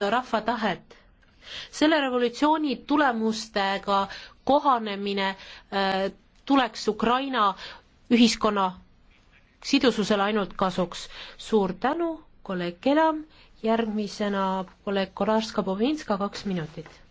rahva tahet. selle revolutsiooni tulemustega kohanemine äh, tuleks Ukraina ühiskonna sidususele ainult kasuks. suur tänu, kolleeg Kelam, järgmisena kolleeg Kolarska-Povinska, kaks minutit